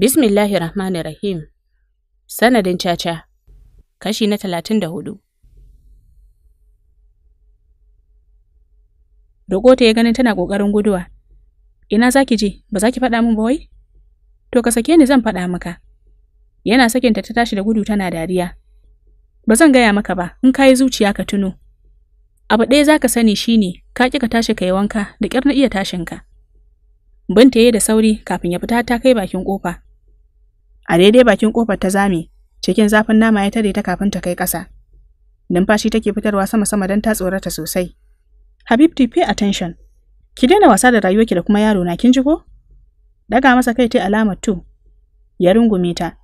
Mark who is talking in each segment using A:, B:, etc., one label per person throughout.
A: Bismillahi Rahmanir Rahim. Sanadin caca. Kashi na talatin da hudu. dokota ya ganin tana ƙoƙarin guduwa. Ina za ki je, ba za ki faɗa min ba To ka sake ni zan faɗa maka. Yana sakinta ta tashi da gudu tana dariya. Ba zan gaya maka ba, in ka yi zuciya ka tuno. Abu ɗaya za ka sani shi ne ka ƙi ka tashi ka yi wanka da ƙyar na iya tashinka. Binta ya yi da sauri kafin ya fita ta kai bakin ƙofa. A daidai bakin kofar ta zame, cikin zafin nama ya tare ta kafin ta kai ƙasa. Numfashi take fitarwa sama-sama don ta tsorata sosai. Habibti pay attention. Ki daina wasa da rayuwarki da kuma yaro na kin ji ko? Daga masa kai ta alama to. Ya rungume ta.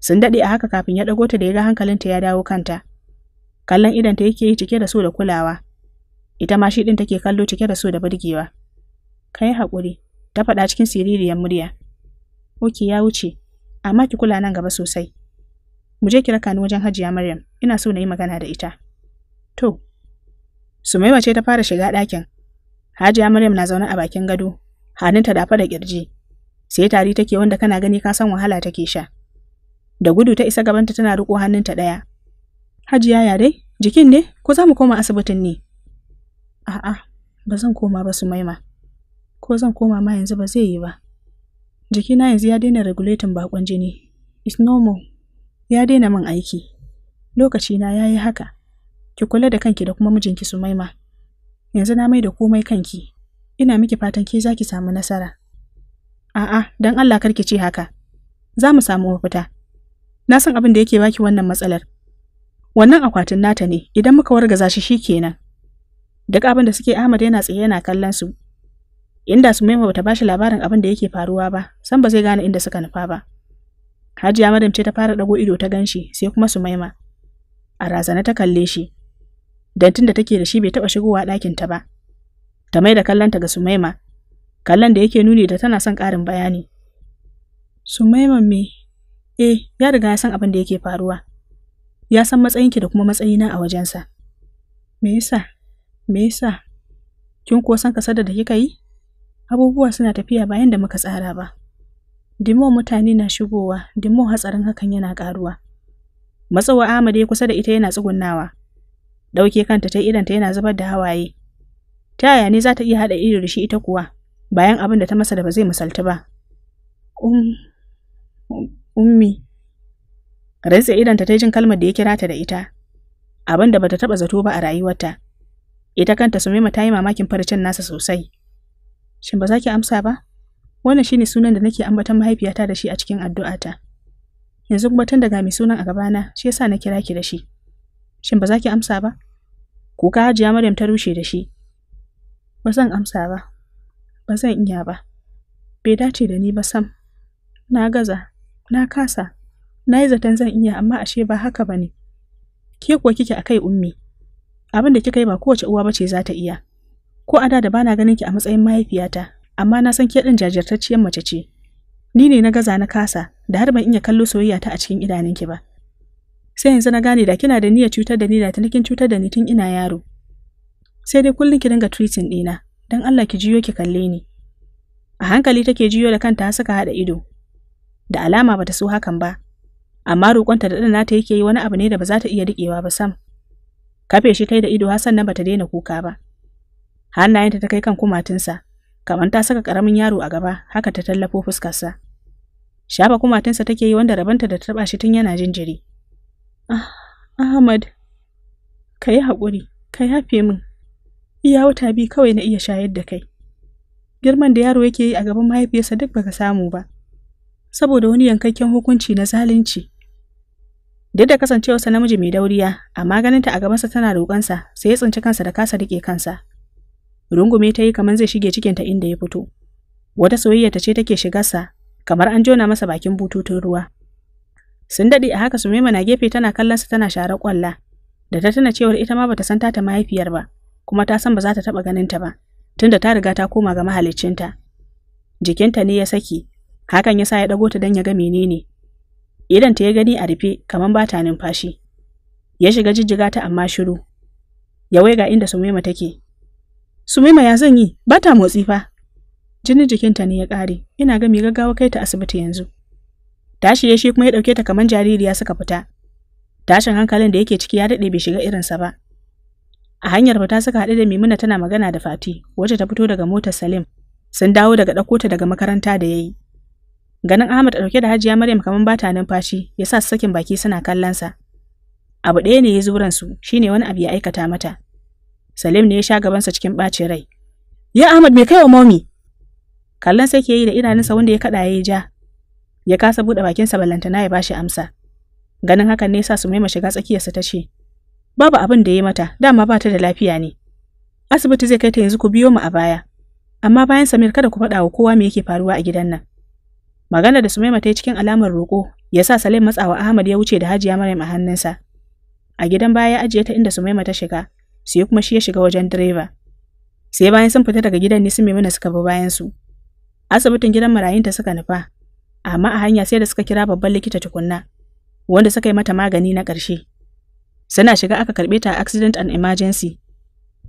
A: Sun dade a haka kafin ya dago ta da ya ga hankalinta ya dawo kanta. Kallon ta yake yi cike da so da kulawa. Ita ma shi din take kallo cike da so da burgewa. Kai hakuri, ta faɗa cikin siririyar murya. Oke ya wuce, amma ki kula nan gaba sosai. Mu je ki raka ni wajen Hajiya Maryam, ina so na yi magana da ita. To, sumaima ce ta fara shiga ɗakin. Hajiya Maryam na zaune a bakin gado, hannunta dafa da kirji. Sai tari take wanda kana gani ka san wahala take sha. Da gudu ta isa gabanta tana riko hannunta ɗaya. Hajiya ya dai, jikin ne, ko za mu koma asibitin ne? A'a, ba zan koma ba Sumaima. Ko zan koma ma yanzu ba zai yi ba. jikina yanzu ya daina regulating bakon jini it's normal ya daina min aiki lokacina ya yi haka ki kula da kanki da kuma mijinki sumaima yanzu na mai da komai kanki ina miki fatan ke zaki ki samu nasara a'a don allah kar ki ce haka za mu samu mafita na san abin da yake baki wannan matsalar wannan akwatin nata ne idan muka wargaza shi kenan. duk abin da suke ahmad yana tsaye yana kallon su Inda Sumaima bata bashi labarin abin da yake faruwa ba, san ba zai gane inda suka nufa ba. Hajiya Maryam ce ta fara dago ido ta ganshi, sai kuma Sumaima. A razana ta kalle shi. Dantin da take da shi bai taba shigowa ɗakin ta ba. Ta mai da kallonta ga Sumaima. Kallon da yake nuni da tana son ƙarin bayani. Sumaima me? Eh, ya riga ya san abin da yake faruwa. Ya san ki da kuma na a wajensa. Me yasa? Me yasa? Kin kuwa san kasar da kika yi? abubuwa suna tafiya bayan da muka tsara ba. Dimo mutane na shigowa, dimo hatsarin hakan yana ƙaruwa. Matsawa Ahmad ya kusa da ita yana tsugunnawa. Ɗauke kanta ta idanta yana zubar da hawaye. Ta yaya ne za ta iya haɗa ido da shi ita kuwa, bayan abin da ta masa da ba zai misalta ba. Um, ummi. Rantsa idanta ta jin kalmar da ya kira ta da ita. Abin da bata taɓa zato ba a rayuwarta. Ita kanta su Sumaima ta yi mamakin farcen nasa sosai. Shin ba za ki amsa ba? Wannan shine sunan da nake ambatan mahaifiyata da shi a cikin addu'ata. Yanzu kuma tun daga mai sunan a gabana, shi yasa na kira ki da shi. Shin ba za ki amsa ba? Kuka Hajiya Maryam ta rushe da shi. Ba zan amsa ba. Ba zan iya ba. Bai dace da ni ba sam. Na gaza, na kasa, na yi zaton zan iya amma ashe ba haka ba ne. Ke kuwa kike a kai ummi. Abin da kika yi ba kowace uwa ce za ta iya. ko a da da bana ganin ki a matsayin mahaifiyata amma na san ke din jajirtacciyar mace ce ni ne na gaza na kasa da har ban iya kallo soyayya ta a cikin idanunki ba sai yanzu na gane da kina da niyyar cutar da ni da tunikin cutar da ni tun ina yaro sai dai kullum ki dinga tweeting ɗina don Allah ki jiyo ki kalle ni a hankali take jiyo da kanta suka haɗa ido da alama bata so hakan ba amma roƙonta da ɗana ta yake yi wani abu ne da ba za ta iya riƙewa ba sam kafe shi kai da ido Hassan na bata daina kuka ba hannayenta ta kai kan kumatinsa kamar ta saka ƙaramin yaro a gaba haka ta tallafo fuskarsa shafa kumatinsa take yi wanda rabanta da taɓa shi tun yana jinjiri ah ahmad ka yi haƙuri ka yafe min iya wata biyu kawai na iya shayar da kai girman da yaro yake yi a gaban mahaifiyarsa duk baka samu ba saboda wani yankakken hukunci na zalunci Duk da kasancewarsa namiji mai dauriya, amma ganinta a gabansa tana roƙonsa, sai ya tsinci kansa da kasa riƙe kansa. rungume ta yi kamar zai shige cikinta inda ya fito. Wata soyayya ta ce take shigarsa, kamar an jona masa bakin bututun ruwa. Sun daɗe a haka Sumaima na gefe tana kallon sa tana share kwalla, da ta tana cewar ita ma bata san ta mahaifiyar ba, kuma ta san ba za ta taɓa ganin ta ba, tunda ta riga ta koma ga mahaliccinta. Jikinta ne ya saki, hakan ya sa ya ɗago ta don ya ga menene. Idan ta ya gani a rufe kamar ba ta numfashi. Ya shiga jijjiga ta amma shiru. Ya ga inda Sumaima take, Sumaima ya zan yi, ba ta motsi fa. Jinin jikinta ne ya ƙare, ina ga mai gaggawa kai ta asibiti yanzu. Tashi ya shi kuma ya ɗauke ta kamar jaririya suka fita. Tashin hankalin da yake ciki ya daɗe bai shiga irinsa ba. A hanyar fita suka haɗu da Maimuna tana magana da Fati, wacce ta fito daga motar Salim. Sun dawo daga ɗauko ta daga makaranta da ya yi. Ganin Ahmad ɗauke da Hajiya Maryam kamar ba ta numfashi, ya sa sakin baki suna kallonsa. Abu ɗaya ne ya zo ransu, ne wani abu ya aikata mata. Salim ne ya sha gabansa cikin ɓacin rai. Ya Ahmad me kai wa momi? Kallon sai ke yi da idanunsa wanda ya kaɗa ya yi ja. Ya kasa buɗe bakinsa ballantana ya bashi amsa. Ganin hakan ne sa su maima shiga tsakiyarsa ta ce, Babu abin da ya mata, dama ba ta da lafiya ne. Asibiti zai kai ta yanzu ku biyo mu a baya. Amma bayan Samir kada ku faɗa wa kowa me yake faruwa a gidan nan. Magana da Sumaima ta yi cikin alamar roƙo ya sa Salim matsawa Ahmad ya wuce da Hajiya Maryam a hannunsa. A gidan baya ya ajiye ta inda Sumaima ta shiga, sai kuma shi ya shiga wajen direba. Sai bayan sun fita daga gidan ne su Maimuna suka bi bayan su. Asibitin gidan marayunta suka nufa, amma a hanya sai da suka kira babban likita tukunna, wanda suka yi mata magani na ƙarshe. Suna shiga aka karɓe ta accident and emergency.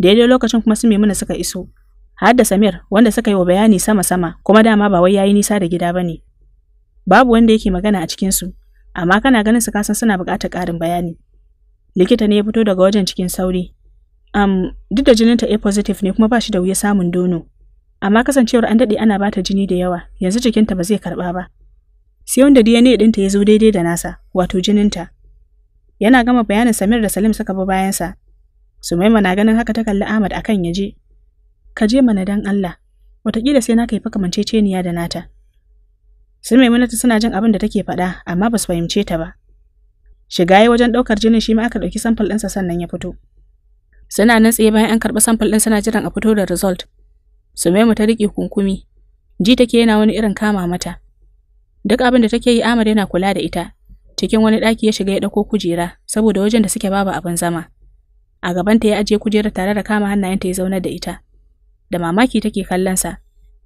A: Daidai lokacin kuma su Maimuna suka iso, har da Samir wanda suka yi wa bayani sama-sama kuma dama ba wai yayi nisa da gida ba ne. Babu wanda yake magana a cikin su, amma kana ganin su kasan suna buƙatar ƙarin bayani. Likita ne ya fito daga wajen cikin sauri, um, duk da jininta A positive ne kuma ba shi da wuya samun dono. Amma kasancewar an daɗe ana bata jini da yawa, yanzu jikinta ba zai karɓa ba. Sai wanda DNA ɗinta ya zo daidai da nasa, wato jininta. Yana gama bayanin Samir da Salim suka bi bayansa. Sumaima na ganin haka ta kalli Ahmad akan ya je. Ka je mana dan Allah, wataƙila sai naka yi fa kamanceceniya da nata. Su ta suna jin abin da take faɗa amma ba su fahimce ta ba. Shiga ya wajen ɗaukar jinin shi ma aka ɗauki sample ɗinsa sannan ya fito. Suna nan tsaye bayan an karɓi sample ɗin suna jiran a fito da result. Sumaimu ta riƙe kunkumi. Ji take yana wani irin kama mata. Duk abin da take yi Ahmad yana kula da ita. Cikin wani ɗaki ya shiga ya ɗauko kujera saboda wajen da suke babu abin zama. A gabanta ya ajiye kujerar tare da kama hannayenta ya zauna da ita. Da mamaki take sa.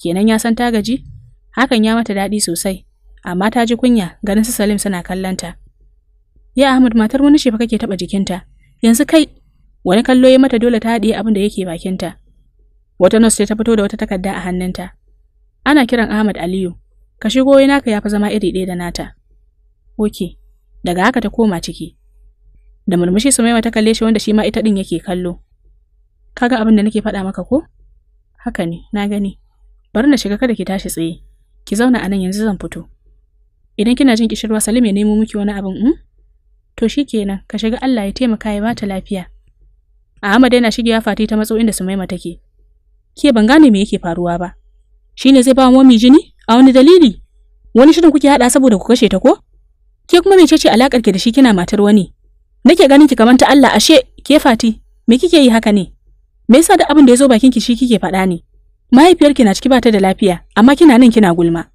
A: Kenan ya san ta gaji? Hakan ya mata daɗi sosai. Amma ta ji kunya ganin su Salim suna kallonta. Ya Ahmad matar wani shi fa kake taɓa jikinta. Yanzu kai wani kallo ya mata dole ta haɗiye abin da yake bakinta wata nurse ta fito da wata takarda a hannunta ana kiran Ahmad Aliyu ka shigo naka ya fi zama iri ɗaya da nata oke daga haka ta koma ciki da murmushi su mai ta kalle shi wanda shi ma ita din yake kallo kaga abin da nake faɗa maka ko haka ne na gani bari na shiga kada ki tashi tsaye ki zauna a nan yanzu zan fito idan kina jin kishirwa salim ya nemo miki wani abin hmm? to shikenan ka shiga Allah ya taimaka ya bata lafiya Ahmad yana shigewa Fati ta matso inda Sumaima take. Ke ban gane me yake faruwa ba. Shine zai ba mu mami jini a wani dalili? Wani shirin kuke hada saboda ku kashe ta ko? Ke kuma me ce alakar ki da shi kina matar wani? Nake ganin ki kamar ta Allah ashe ke Fati me kike yi haka ne? Me yasa da abin da ya zo bakin ki shi kike faɗa ne? Mahaifiyarki na ciki bata da lafiya amma kina nan kina gulma.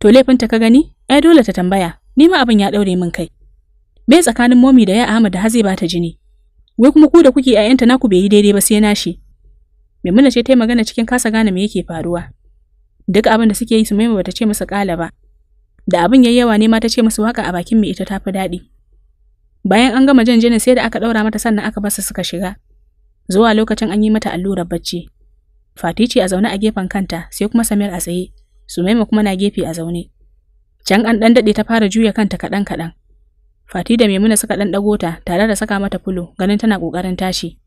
A: To laifin ta ka gani? Ai dole ta tambaya. Ni ma abin ya daure min kai. Me tsakanin momi da ya Ahmad da haze zai bata jini? wai kuma ku da kuke ƴaƴanta naku bai yi daidai ba sai nashi Maimuna ce ta yi magana cikin kasa gane me yake faruwa duk abin da suke yi su maima bata ce masa kala ba da abin yayi yawa ne ma ta ce masa waka a bakin mai ita ta fi daɗi bayan an gama jan janjinin sai da aka ɗaura mata sannan aka basu suka shiga zuwa lokacin an yi mata allurar bacci Fatici a zaune a gefen kanta sai kuma Samir a tsaye Sumaima kuma na gefe a zaune can an ɗan daɗe ta fara juya kanta kaɗan kaɗan Fati da Maimuna suka ɗan ɗago ta tare da saka mata fulo ganin tana ƙoƙarin tashi.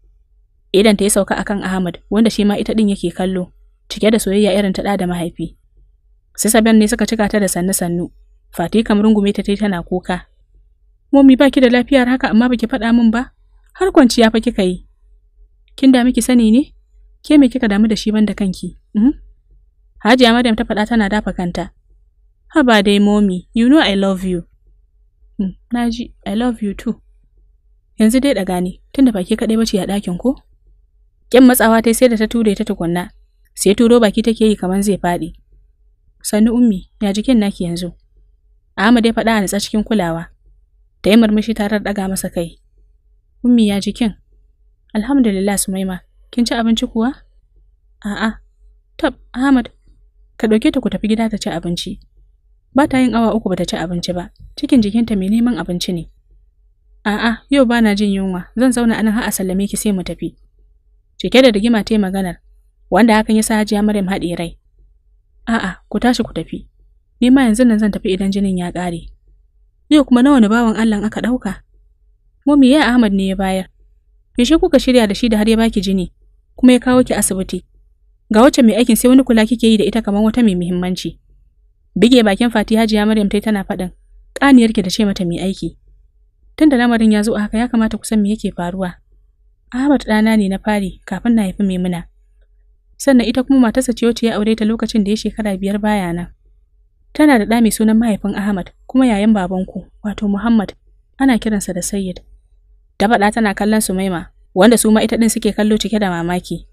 A: Idan ta yi sauka akan Ahmad wanda shi ma ita din yake kallo cike da soyayya irin ta ɗa da mahaifi. Sai Saban ne suka cika ta da sannu-sannu. Fati kamar rungume ta tai tana kuka. Mommy baki da lafiyar haka amma baki faɗa min ba? Har kwanciya fa kika yi. Kin da miki sani ne? Ke me kika damu da shi ban da kanki? Mm? Hajiya Maryam ta faɗa tana dafa kanta. Haba dai mommy, you know I love you. naji hmm, na ji, I love you too. Yanzu dai ɗaga ni, tunda ba ke kaɗai bace a ɗakin ko? Ƙyan matsawa ta sai da ta ture ta tukunna, sai turo baki take yi kamar zai faɗi. Sannu ummi, ya jikin naki yanzu? Ahmad ya faɗa a nutsa cikin kulawa. Ta yi murmushi tare da ɗaga masa kai. Ummi ya jikin? Alhamdulillah Sumaima, kin ci abinci kuwa? A'a, tab Ahmad, ka ɗauke ta ku tafi gida ta ci abinci. Ba ta yin awa uku bata ci abinci ba, cikin jikinta mai neman abinci ne. A'a, yau ba na jin yunwa, zan zauna anan har a sallame ki sai mu tafi. Cike da rigima ta maganar, wanda hakan ya sa Hajiya Maryam haɗe rai. A'a, ku tashi ku tafi. Ni ma yanzu nan zan tafi idan jinin ya kare. Yau kuma nawa ne bawan Allah aka ɗauka? Mumi ya Ahmad ne ya bayar. Yaushe kuka shirya da shi da har ya baki jini, kuma ya kawo ki asibiti. Ga wacce mai aikin sai wani kula kike yi da ita kamar wata mai muhimmanci. Bige bakin Fati Hajiya Maryam tai tana faɗin, ƙaniyarki da ce mata mai aiki. Tunda lamarin ya zo a haka ya kamata ku san me yake faruwa. Ahmad ɗana ne na fari kafin na haifi Maimuna. Sannan ita kuma matarsa ce wacce ya aure ta lokacin da ya shekara biyar baya nan. Tana da ɗa mai sunan mahaifin Ahmad kuma yayan babanku wato Muhammad ana kiransa da Sayyid. Da baɗa tana kallon Sumaima wanda su ma ita din suke kallo cike da mamaki.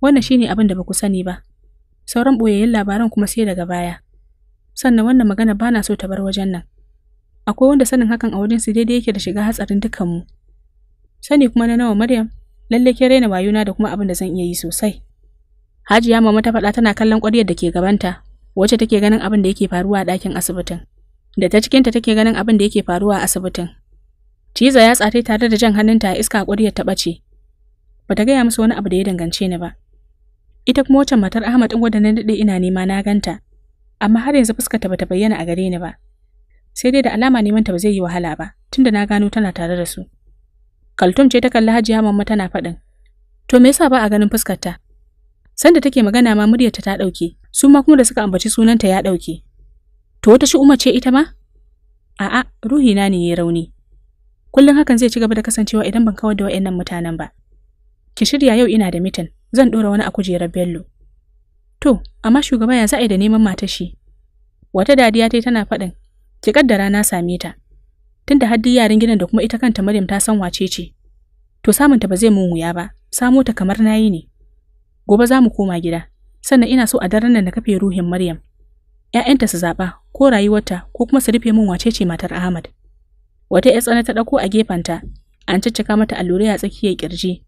A: Wannan shine abin da ba ku sani ba. Sauran ɓoyayyen labaran kuma sai daga baya. sannan wannan magana ba na so ta bar wajen nan akwai wanda sanin hakan a wajen su daidai yake da shiga hatsarin dukanmu sani kuma na nawa maryam lalle ke raina wayuna da kuma abin da zan iya yi sosai hajiya mama ta faɗa tana kallon ƙwaryar da ke gabanta wacce take ganin abin da yake faruwa a ɗakin asibitin da ta cikinta take ganin abin da yake faruwa a asibitin ciza ya tsare tare da jan hannunta a iska ƙwaryar ta ɓace ba ta gaya musu wani abu da ya dangance ni ba ita kuma wacce matar ahmad ɗin wadda na daɗe ina nema na ganta amma har yanzu fuskarta bata bayyana a gare ni ba. Sai dai da alama neman ta ba zai yi wahala ba, tunda na gano tana tare da su. Kaltum ce ta kalli Hajiya Mamma tana faɗin. To me yasa ba a ganin fuskarta? Sanda take magana ma muryarta ta ɗauke, su ma kuma da suka ambaci sunanta ya ɗauke. To wata shi'uma ce ita ma? A'a, ruhi na ne ya rauni. Kullum hakan zai ci gaba da kasancewa idan ban kawar da wa'annan mutanen ba. Ki shirya yau ina da mitin, zan ɗora wani a kujerar Bello. To, amma shugaba ya za'a da neman matar shi. Wata dadiya ta tana faɗin, ki kaddara na same ta. Tunda duk yaran gidan da kuma ita kanta Maryam ta san wace ce. To samunta ba zai mun wuya ba, samo ta kamar nayi ne. Gobe za mu koma gida, sannan ina so a daren nan na kafe ruhin Maryam. ‘Ya'yanta su zaɓa ko rayuwarta ko kuma su rufe mun wace ce matar Ahmad. Wata ‘yar tsana ta ɗauko a gefenta, an ciccika mata allurai a tsakiyar ƙirji.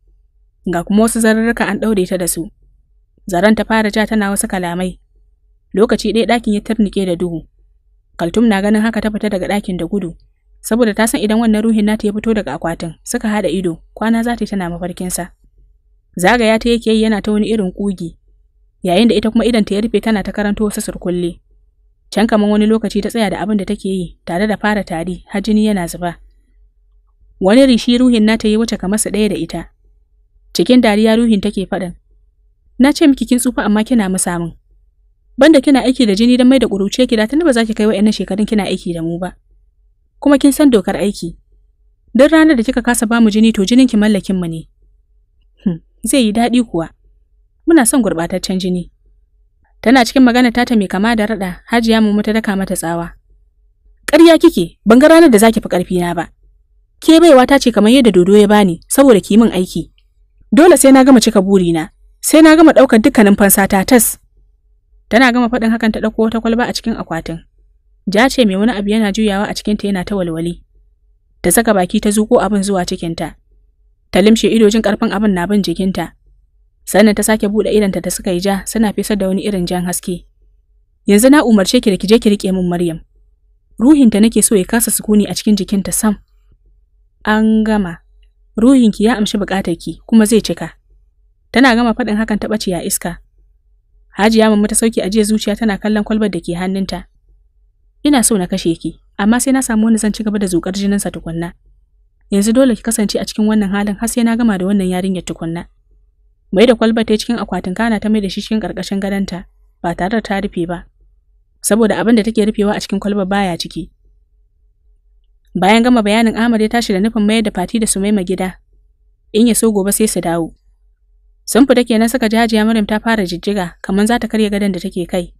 A: Ga kuma wasu zarurruka an ɗaure ta da su. Zaren ta fara ja tana wasu kalamai. Lokaci ɗaya ɗakin ya tarnike da duhu. Kaltum na ganin haka ta fita daga ɗakin da gudu, saboda ta san idan wannan ruhin nata ya fito daga akwatin suka haɗa ido kwana za ta yi tana mafarkinsa. Zagaya ta yake yi yana ta wani irin ƙugi, yayin da ita kuma idan ta ya rufe tana ta karanto wasu surkulle. Can kamar wani lokaci ta tsaya da abin da take yi tare da fara tari har jini yana zuba. Wani rishi ruhin nata ya wuce kamar su ɗaya da ita. Cikin dariya ruhin take faɗin, Na ce miki kin tsufa amma kina musa min. Banda kina aiki da jini dan mai da kuruce ki da tunda ba za ki kai ƴannan shekarun kina aiki da mu ba. Kuma kin san dokar aiki. dan ranar da kika kasa bamu jini to jinin ki mallakin mu ne. Hmm. Zai yi daɗi kuwa. Muna son gurbataccen jini. Tana cikin magana tata mai kama da raɗa, Hajiya mu ta daka mata tsawa. Ƙarya kike, ban ga ranar da zaki fi ƙarfi na ba. Ke baiwa ta ce kamar yadda dodo ya bani saboda ki min aiki. Dole sai na gama cika burina. sai na gama ɗaukar dukkanin ta tas. Tana gama faɗin hakan ta ɗauko wata kwalba a cikin akwatin. Ja ce mai wani abu yana juyawa a cikinta yana ta walwali. Ta saka baki ta zuƙo abin zuwa cikinta. Ta limshe ido jin ƙarfin abin na bin jikinta. Sannan ta sake buɗe idanta da suka yi ja suna fesar da wani irin jan haske. Yanzu na umarce ki da ki je ki riƙe min Maryam. Ruhinta nake so ya kasa sukuni a cikin jikinta sam. An gama. Ruhinki ya amshi ki, kuma zai cika. Tana gama faɗin hakan ta ɓace a iska. Hajiya mamma ta sauke ajiye zuciya tana kallon kwalbar da ke hannunta. Ina so na kashe ki, amma sai na samu wani zan ci gaba da zukar jininsa tukunna. Yanzu dole ki kasance a cikin wannan halin har sai na gama da wannan yarinyar tukunna. Mai da kwalbar ta cikin akwatin kana ta mai da shi cikin ƙarƙashin gadonta ba tare da ta rufe ba. Saboda abin da take rufewa a cikin kwalbar baya ciki. Bayan gama bayanin Ahmad ya tashi da nufin mayar da Fati da Sumaima gida. In ya so gobe sai su dawo. Sun fita kenan suka ji Hajiya Maryam ta fara jijjiga kamar za ta karya gadon da take kai.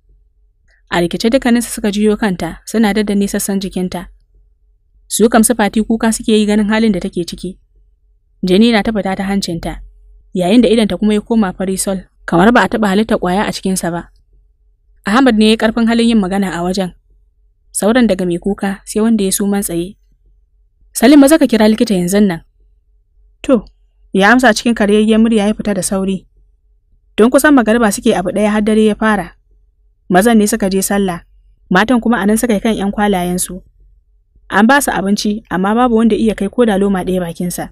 A: A rikice dukkaninsu suka juyo kanta suna daddane sassan jikinta. Su kam su fati kuka suke yi ganin halin da take ciki. Jini na ta fita ta hancinta, yayin da ta kuma ya koma farisol kamar ba a taɓa halitta ƙwaya a cikinsa ba. Ahmad ne ya ƙarfin halin yin magana a wajen. Sauran daga mai kuka sai wanda ya suman tsaye. Salim maza ka kira likita yanzu nan. To, Ya amsa cikin karyayyen murya ya fita da sauri. Don kusan magariba suke abu ɗaya har dare ya fara. Mazan ne suka je sallah, matan kuma anan suka yi kan 'yan su. An ba su abinci, amma babu wanda iya kai ko da loma ɗaya bakinsa.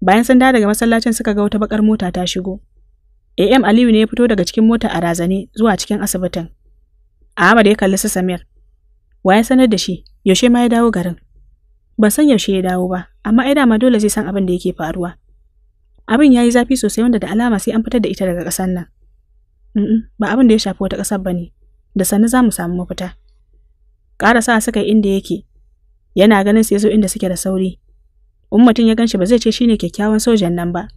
A: Bayan sun daga masallacin suka ga wata bakar mota ta shigo. AM Aliyu ne ya fito daga cikin mota a razane zuwa cikin asibitin. Ahmad ya kalli su Samir. Waye sanar da shi, yaushe ma ya dawo garin. Ban san yaushe ya dawo ba, amma ai dama dole zai san abin da yake faruwa. Abin ya yi zafi sosai wanda da alama sai an fitar da ita daga ƙasar nan. ba abin da ya shafi wata ƙasar ba ne, da sannu za mu samu mafita. sa suka yi inda yake, yana ganin sai zo inda suke da sauri. In mutum ya ganshi, ba zai ce shine kyakkyawan sojan nan ba,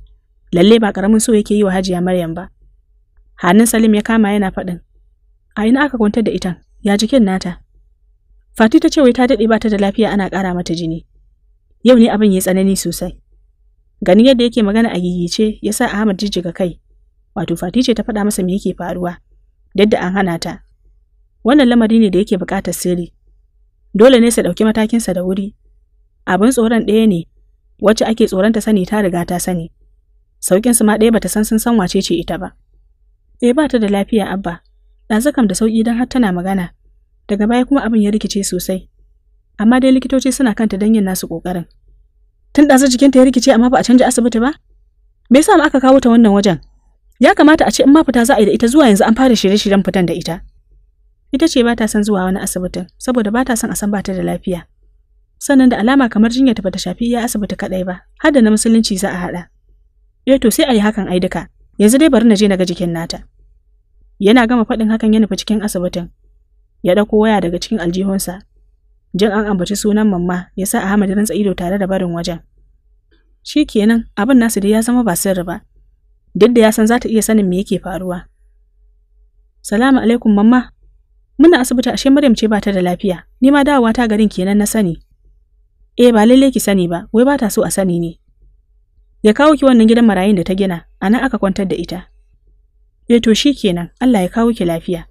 A: lalle ba ƙaramin so yake yi wa Hajiya Maryam ba. Hannun Salim ya kama yana faɗin, a ina aka kwantar da ita, ya jikin nata. Fati ta ce wai ta daɗe ba ta da lafiya ana ƙara mata jini. Yau ne abin ya tsanani sosai. Gani yadda yake magana a gigice ya sa Ahmad jijjiga kai. Wato Fati ce ta faɗa masa me yake faruwa, yadda an hana ta. Wannan lamari ne da yake buƙatar sirri. Dole ne sa ɗauki matakinsa da wuri. Abin tsoron ɗaya ne, wacce ake tsoron ta sani ta riga ta sani. Sauƙinsu ma ɗaya bata san sun san wace ce ita ba. Eh ba ta da lafiya abba, ɗazu kam da sauƙi don har tana magana. Daga baya kuma abin ya rikice sosai. Amma dai likitoci suna kanta don yin nasu ƙoƙarin. tun ɗazu jikinta ya rikice amma ba a canja asibiti ba me yasa aka kawo ta wannan wajen ya kamata a ce in ma fita za a yi da ita zuwa yanzu an fara shirye-shiryen fitan da ita ita ce ba ta son zuwa wani asibitin saboda ba ta son a san ba ta da lafiya sannan da alama kamar jinya ta bata shafi iya asibiti kaɗai ba har da na musulunci za a haɗa eh to sai a yi hakan ai duka yanzu dai bari na je na ga jikin nata yana gama faɗin hakan ya nufi cikin asibitin ya ɗauko waya daga cikin aljihunsa jin an ambaci sunan mamma ya sa Ahmad rantsa ido tare da barin wajen. Shi kenan abin nasu dai ya zama ba sirri ba, duk da ya san za ta iya sanin me yake faruwa. Salamu alaikum mamma, muna asibiti ashe Maryam ce ba ta da lafiya, ni ma dawowa ta garin kenan na sani. Eh ba lallai ki sani ba, wai ba ta so a sani ne. Ya kawo ki wannan gidan marayun da ta gina, a nan aka kwantar da ita. Eh to shi kenan, Allah ya kawo ki lafiya.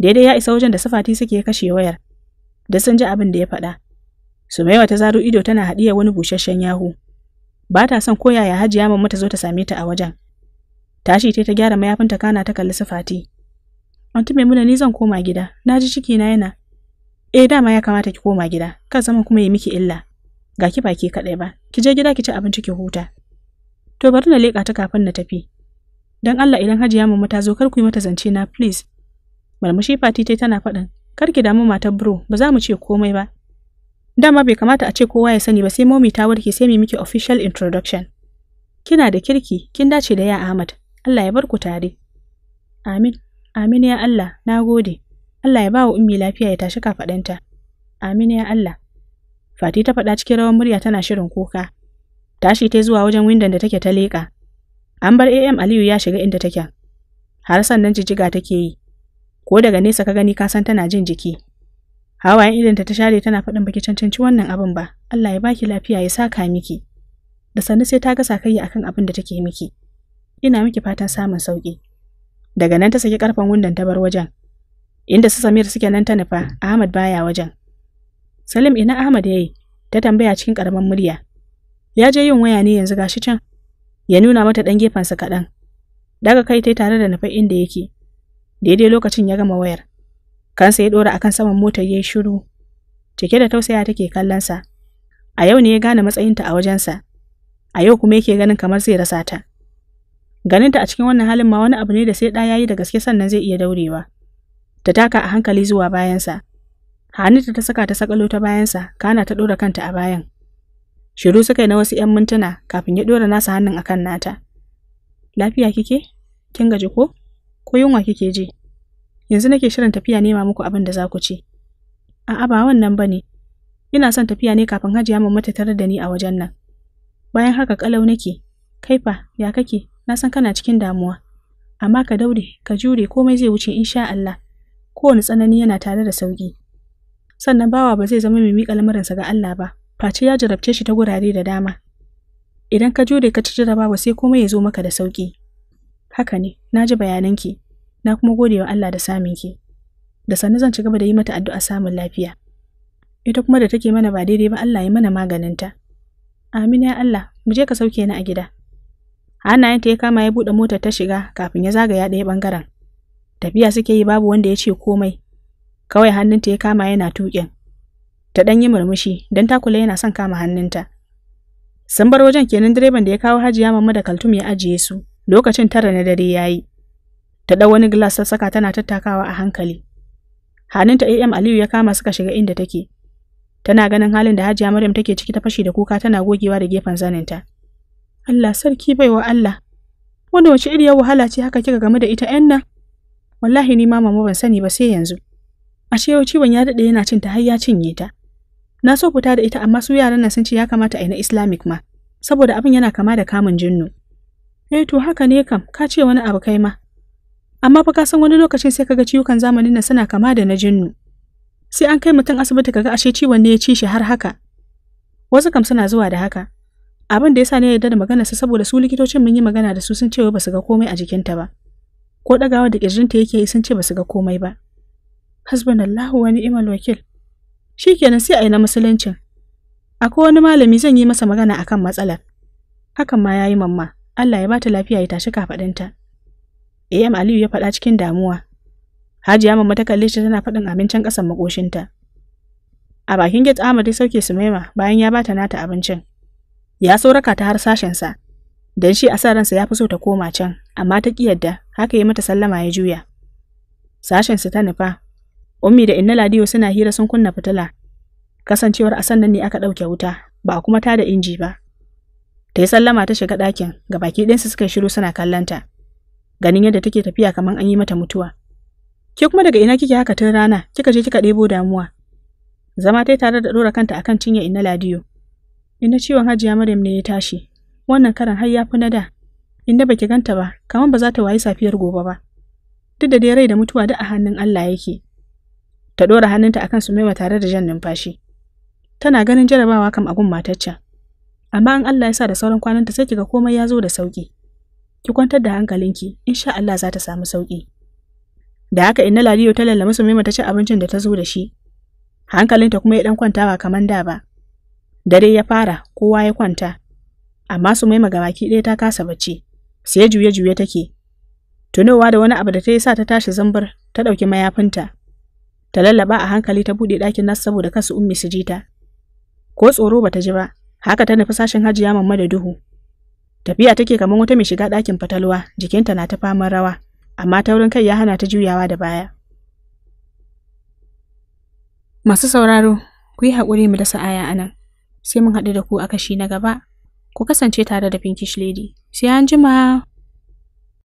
A: Daidai ya isa wajen da safati suke kashe wayar, da sun ji abin da ya faɗa. Sumaiwa ta zaro ido tana haɗiya wani busasshen yahu. Ba ta son ko yaya hajiya mamma ta zo ta same ta a wajen. Tashi ta gyara mayafin ta kana ta kalli sufati. Anti Maimuna ni zan koma gida, na ji ciki na yana. Eh dama ya kamata ki koma gida, Kar zaman kuma yi miki illa. Ga ki baki kaɗai ba, ki je gida ki ci abinci ki huta. To bari na leƙa ta kafin na tafi. dan Allah idan hajiya mamma ta zo kar ku yi mata zance na please. Marmashi fati tai tana faɗin, Kar ki damu matar bro, ba za mu ce komai ba. Dama bai kamata a ce kowa ya sani ba sai momi ta warke sai mu miki official introduction. Kina da kirki, kin dace da ya Ahmad. Allah ya bar ku tare. Amin. Amin ya Allah, na gode. Allah ya ba wa ummi lafiya ya tashi kafaɗanta. Amin ya Allah. Fati ta faɗa cikin rawan murya tana shirin kuka. Tashi ta zuwa wajen windon da take ta leƙa. An bar AM Aliyu ya shiga inda take. Har sannan jijjiga take yi. ko daga nesa ka gani ka san tana jin jiki hawayen idanta ta share tana faɗin baki cancanci wannan abin ba Allah ya baki lafiya ya saka miki da sannu sai ta ga sakayya akan abin da take miki ina miki fatan samun sauki daga nan ta saki karfan wundan ta bar wajen inda su Samir suke nan ta nufa Ahmad baya wajen Salim ina Ahmad yayi ta tambaya cikin karaman murya ya je yin waya ne yanzu gashi can ya nuna mata dan gefensa kaɗan daga kai tai tare da nufa inda yake daidai lokacin ya gama wayar kansa ya dora akan saman motar ya yi shiru cike da tausaya take kallon sa a yau ne ya gane matsayinta a wajen sa a yau kuma yake ganin kamar zai rasa ta ganinta a cikin wannan halin ma wani abu ne da sai da yi da gaske sannan zai iya daurewa ta taka a hankali zuwa bayansa hanita ta saka ta sakalo ta bayansa kana ta dora kanta a bayan shiru suka yi na wasu 'yan mintuna kafin ya dora nasa hannun akan nata lafiya kike kin gaji ko ko yunwa kike ji yanzu nake shirin tafiya nema muku abin da za ku ci a'a ba wannan ba ne ina son tafiya ne kafin hajiya mamma ta tarar da ni a wajen nan bayan haka kalau nake kai fa ya kake na san kana cikin damuwa amma ka daure ka jure komai zai wuce insha Allah kowane tsanani yana tare da sauki sannan bawa ba zai zama mai miƙa lamarinsa ga Allah ba face ya jarabce shi ta gurare da dama idan ka jure ka ci jarabawa sai komai ya zo maka da sauki Haka ne, na ji bayananki, na kuma gode wa Allah da samun ki. Da sannu zan ci gaba da yi mata addu'a samun lafiya. Ita kuma da take mana ba daidai ba Allah ya mana maganinta. Amin ya Allah, mu je ka sauke ni a gida. Hannayenta ya kama ya buɗe motar ta shiga kafin ya zagaya ɗaya ɓangaren. Tafiya suke yi babu wanda ya ce komai. Kawai hannunta ya kama yana tuƙin. Ta ɗan yi murmushi don kula yana son kama hannunta. Sun bar wajen kenan direban da ya kawo hajiya mamma da kaltum ya ajiye su. Lokacin tara na dare ya yi. Ta ɗau wani gilas ta saka tana tattakawa a hankali. Hannunta AM Aliyu ya kama suka shiga inda take. Tana ganin halin da Hajiya Maryam take ciki ta fashi da kuka tana gogewa da gefen zaninta. Allah sarki baiwa Allah. Wanda wace iriyar wahala ce haka kika game da ita 'yan nan? Wallahi ni ma mama ban sani ba sai yanzu. A yau ciwon ya daɗe yana cin ta har ya cinye ta. Na so fita da ita amma su yaran nan sun ce ya kamata a yi na Islamic ma, saboda abin yana kama da kamun jinnu. eh to haka ne kam ka ce wani abu kai ma amma fa ka san wani lokacin sai kaga ciwukan zamanin na suna kama da na jinnu sai an kai mutum asibiti kaga ashe ciwon ne ya ci shi har haka wasu kam suna zuwa da haka abin da yasa ne yarda da magana sa saboda su likitocin mun yi magana da su sun ce ba su ga komai a jikinta ba ko dagawa da kirjinta yake sun ce ba su ga komai ba Allah wa ni'mal wakil shikenan sai a yi na musuluncin akwai wani malami zan yi masa magana akan matsalar hakan ma yayi mamma Allah ya bata lafiya ya tashi kafaɗinta. AM Aliyu ya faɗa cikin damuwa. Hajiya mamma ta kalle shi tana faɗin abincin ƙasan makoshinta. A bakin gate Ahmad ya sauke Sumaima bayan ya bata nata abincin. Ya sauraka ta har sashensa. Dan shi a sa ransa ya fi so ta koma can, amma ta ƙi haka ya mata sallama ya juya. Sashen Sashensa ta nufa. Ummi da Inna Ladiyo suna hira sun kunna fitila. Kasancewar a sannan ne aka ɗauke wuta, ba kuma ta da inji ba. Ta yi sallama ta shiga ɗakin, ga baki ɗinsu suka shiru suna kallonta. Ganin yadda take tafiya kamar an yi mata mutuwa. Ke kuma daga ina kike haka tun rana, kika je kika ɗebo damuwa. Zama ta tare da ɗora kanta akan cinye ina ladiyo. Ina ciwon hajiya Maryam ne ya tashi. Wannan karan har ya fi na da. Inda ki ganta ba, kamar ba za ta wayi safiyar gobe ba. Duk da dai rai da mutuwa da a hannun Allah yake. Ta ɗora hannunta akan su Sumaima tare da jan numfashi. Tana ganin jarabawa kam a gun matacca. amma in Allah ya sa da sauran kwananta sai kiga komai ya zo da sauki ki kwantar da hankalinki insha Allah za ta samu sauki da haka inna ladiyo ta lallama su mema ta ci abincin da ta zo da shi hankalinta kuma ya dan kwanta ba kaman da ba dare ya fara kowa ya kwanta amma su mema gabaki ɗaya ta kasa bacci sai juye juye take tunowa da wani abu da ta yi sa ta tashi zambar ta ɗauki mayafinta ta lallaba a hankali ta buɗe ɗakin nasu saboda kasu ummi su ji ta ko tsoro ba ta ji ba Haka ta nufi sashen hajiya mamma da duhu. Tafiya take kamar wata mai shiga ɗakin fatalwa, jikinta na ta faman rawa, amma taurin kai ya hana ta juyawa da baya. Masu sauraro, ku yi haƙuri mu dasa aya a nan, sai mun haɗu da ku a kashi na gaba. Ku kasance tare da Pinkish Lady. Sai an jima.